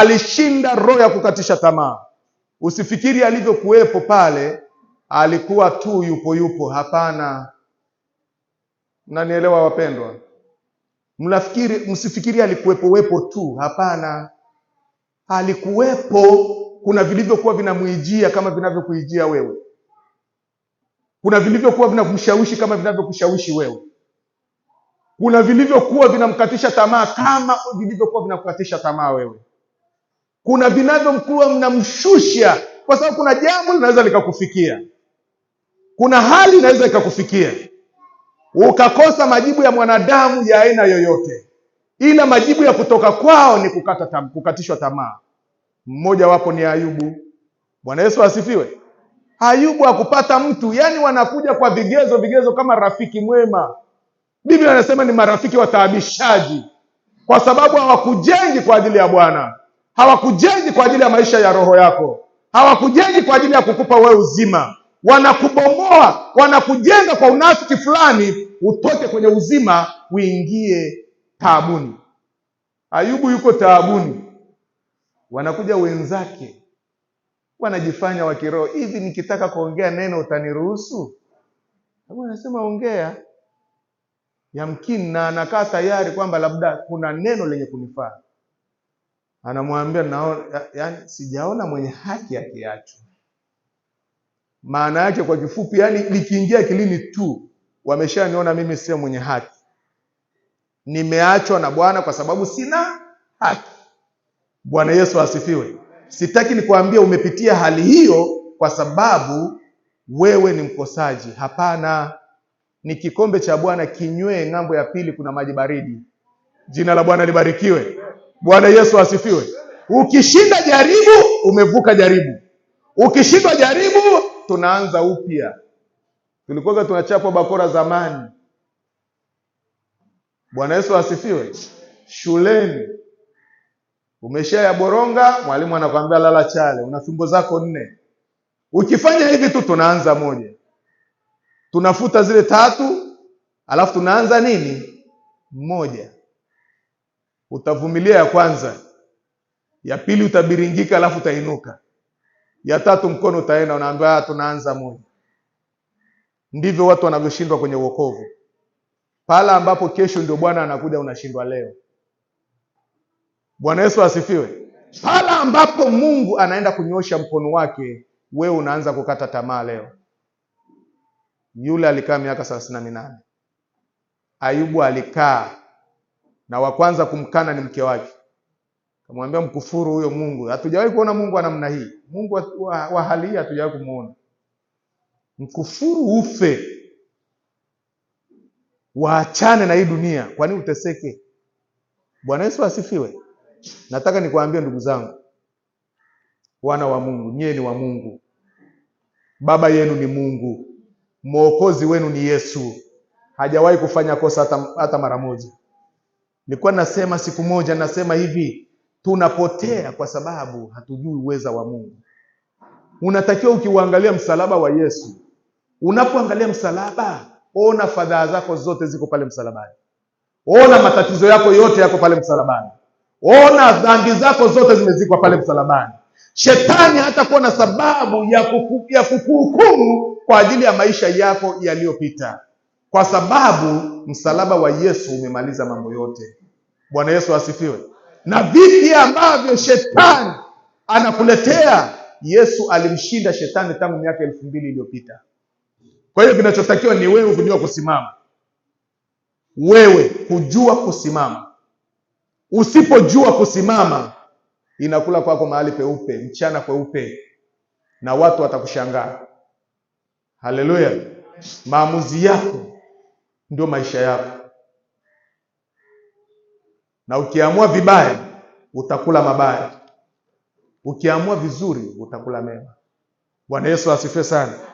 Alishinda roho ya kukatisha tamaa. Usifikiri alivyokuwepo pale alikuwa tu yupo yupo, hapana. Mnanielewa wapendwa? Mnafikiri, msifikiri alikuwepo wepo tu, hapana, alikuwepo. Kuna vilivyokuwa vinamwijia kama vinavyokuijia wewe, kuna vilivyokuwa vinakushawishi kama vinavyokushawishi wewe, kuna vilivyokuwa vinamkatisha tamaa kama vilivyokuwa vinakukatisha tamaa wewe kuna vinavyomkuwa mnamshusha, kwa sababu kuna jambo linaweza likakufikia, kuna hali inaweza ikakufikia ukakosa majibu ya mwanadamu ya aina yoyote, ila majibu ya kutoka kwao ni kukata tam, kukatishwa tamaa. Mmoja wapo ni Ayubu. Bwana Yesu asifiwe. Ayubu akupata mtu, yaani wanakuja kwa vigezo vigezo, kama rafiki mwema. Biblia anasema ni marafiki wataabishaji, kwa sababu hawakujengi kwa ajili ya Bwana. Hawakujengi kwa ajili ya maisha ya roho yako, hawakujengi kwa ajili ya kukupa wewe uzima, wanakubomoa, wanakujenga kwa unafiki fulani, utoke kwenye uzima uingie taabuni. Ayubu yuko taabuni, wanakuja wenzake wanajifanya wa kiroho hivi, nikitaka kuongea neno utaniruhusu? Anasema ongea, yamkini na anakaa tayari kwamba labda kuna neno lenye kunifaa anamwambia naona, yani sijaona mwenye haki akiachwa. Maana yake kwa kifupi, yaani likiingia kilini tu, wameshaniona mimi sio mwenye haki, nimeachwa na Bwana kwa sababu sina haki. Bwana Yesu asifiwe. Sitaki nikuambia umepitia hali hiyo kwa sababu wewe ni mkosaji. Hapana, ni kikombe cha Bwana, kinywee. Ng'ambo ya pili kuna maji baridi. Jina la Bwana libarikiwe. Bwana Yesu asifiwe. Ukishinda jaribu, umevuka jaribu. Ukishindwa jaribu, tunaanza upya. Tulikuwa tunachapwa bakora zamani. Bwana Yesu asifiwe. Shuleni umesha ya boronga, mwalimu anakwambia lala chale, una fimbo zako nne. Ukifanya hivi tu, tunaanza moja, tunafuta zile tatu, alafu tunaanza nini, moja Utavumilia ya kwanza, ya pili utabiringika, alafu utainuka. Ya tatu mkono utaenda, unaambiwa ah, tunaanza moja. Ndivyo watu wanavyoshindwa kwenye uokovu, pala ambapo kesho ndio Bwana anakuja, unashindwa leo. Bwana Yesu asifiwe. Pala ambapo Mungu anaenda kunyosha mkono wake, wewe unaanza kukata tamaa leo. Yule alikaa miaka thelathini na minane. Ayubu alikaa na wa kwanza kumkana ni mke wake. Kamwambia mkufuru huyo Mungu. Hatujawahi kuona Mungu wa namna hii. Mungu wa, wa hali hii hatujawahi kumuona. Mkufuru ufe, waachane na hii dunia, kwani uteseke? Bwana Yesu asifiwe. Nataka nikuambie ndugu zangu, wana wa Mungu, nyie ni wa Mungu, baba yenu ni Mungu, mwokozi wenu ni Yesu, hajawahi kufanya kosa hata, hata mara moja. Nilikuwa nasema siku moja, nasema hivi, tunapotea kwa sababu hatujui uweza wa Mungu. Unatakiwa ukiuangalia msalaba wa Yesu, unapoangalia msalaba, ona fadhaa zako zote ziko pale msalabani, ona matatizo yako yote yako pale msalabani, ona dhambi zako zote zimezikwa pale msalabani. Shetani hatakuwa na sababu ya kukuhukumu kwa ajili ya maisha yako yaliyopita kwa sababu msalaba wa Yesu umemaliza mambo yote. Bwana Yesu asifiwe. Na vipi ambavyo shetani anakuletea, Yesu alimshinda shetani tangu miaka elfu mbili iliyopita. Kwa hiyo kinachotakiwa ni wewe kujua kusimama, wewe kujua kusimama. Usipojua kusimama, inakula kwako mahali peupe, mchana kweupe, na watu watakushangaa. Haleluya! maamuzi yako ndio maisha yako, na ukiamua vibaya utakula mabaya, ukiamua vizuri utakula mema. Bwana Yesu asifiwe sana.